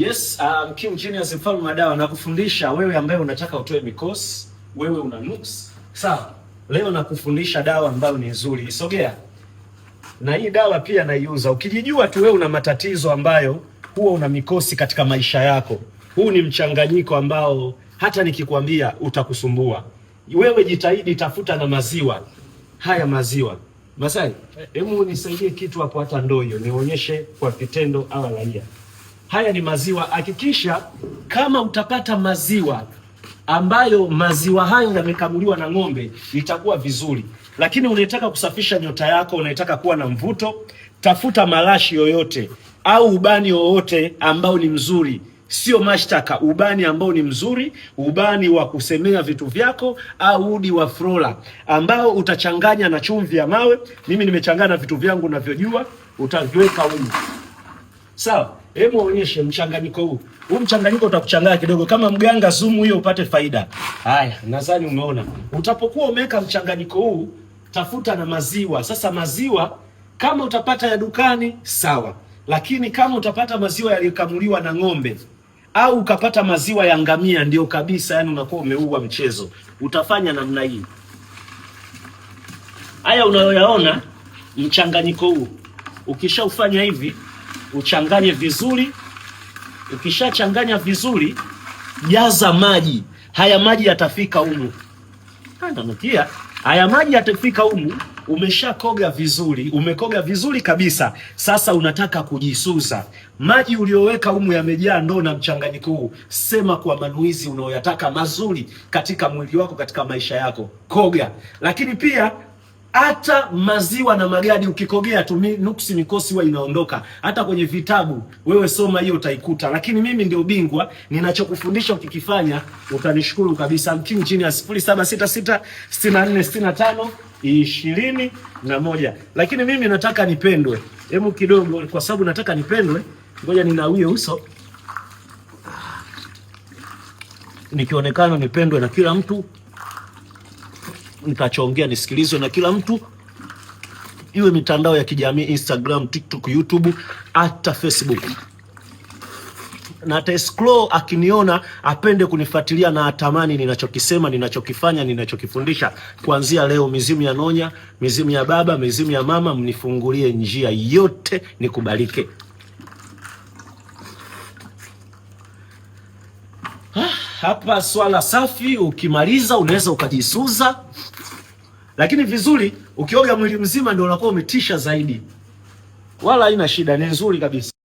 Yes, um, King Genius mfalme wa dawa nakufundisha wewe ambaye unataka utoe mikosi, wewe una looks. Sawa. Leo nakufundisha dawa ambayo ni nzuri. Sogea. Na hii dawa pia naiuza. Ukijijua tu wewe una matatizo ambayo huwa una mikosi katika maisha yako. Huu ni mchanganyiko ambao hata nikikwambia utakusumbua. Wewe jitahidi, tafuta na maziwa. Haya maziwa. Masai, hebu nisaidie kitu hapo hata ndoo hiyo nionyeshe kwa vitendo au raia haya ni maziwa. Hakikisha kama utapata maziwa ambayo maziwa hayo yamekamuliwa na ng'ombe, itakuwa vizuri. Lakini unaitaka kusafisha nyota yako, unaitaka kuwa na mvuto, tafuta marashi yoyote au ubani wowote ambao ni mzuri Sio mashtaka, ubani ambao ni mzuri, ubani wa kusemea vitu vyako, au udi wa flora ambao utachanganya na chumvi ya mawe. Mimi nimechanganya vitu vyangu navyojua, utaviweka huko, sawa. Hebu muonyeshe mchanganyiko huu. Huu mchanganyiko utakuchanganya kidogo kama mganga sumu hiyo upate faida. Haya, nadhani umeona. Utapokuwa umeweka mchanganyiko huu, tafuta na maziwa. Sasa maziwa kama utapata ya dukani sawa. Lakini kama utapata maziwa yaliyokamuliwa na ng'ombe au ukapata maziwa ya ngamia ndio kabisa, yani unakuwa umeua mchezo. Utafanya namna hii. Haya unayoyaona mchanganyiko huu. Ukishaufanya hivi uchanganye vizuri. Ukishachanganya vizuri, jaza maji. Haya maji yatafika humu, ananukia. Haya maji yatafika humu. Umeshakoga vizuri, umekoga vizuri kabisa. Sasa unataka kujisuza. Maji ulioweka humu yamejaa ndoo na mchanganyiko huu. Sema kwa manuizi unaoyataka mazuri katika mwili wako, katika maisha yako. Koga, lakini pia hata maziwa na magadi ukikogea tu nuksi mikosi huwa inaondoka. Hata kwenye vitabu wewe soma hiyo utaikuta, lakini mimi ndio bingwa. Ninachokufundisha ukikifanya utanishukuru kabisa. Mkini chini ya sifuri saba sita sita sitini na nne sitini na tano ishirini na moja. Lakini mimi nataka nipendwe, hebu kidogo, kwa sababu nataka nipendwe. Ngoja ninawie uso nikionekana nipendwe na kila mtu nikachoongea nisikilizwe na kila mtu, iwe mitandao ya kijamii Instagram, TikTok, YouTube hata Facebook na ata scroll akiniona apende kunifuatilia na atamani ninachokisema, ninachokifanya, ninachokifundisha. Kuanzia leo, mizimu ya nonya, mizimu ya baba, mizimu ya mama, mnifungulie njia yote nikubalike. hapa swala safi, ukimaliza unaweza ukajisuza, lakini vizuri ukioga mwili mzima ndio unakuwa umetisha zaidi, wala haina shida, ni nzuri kabisa.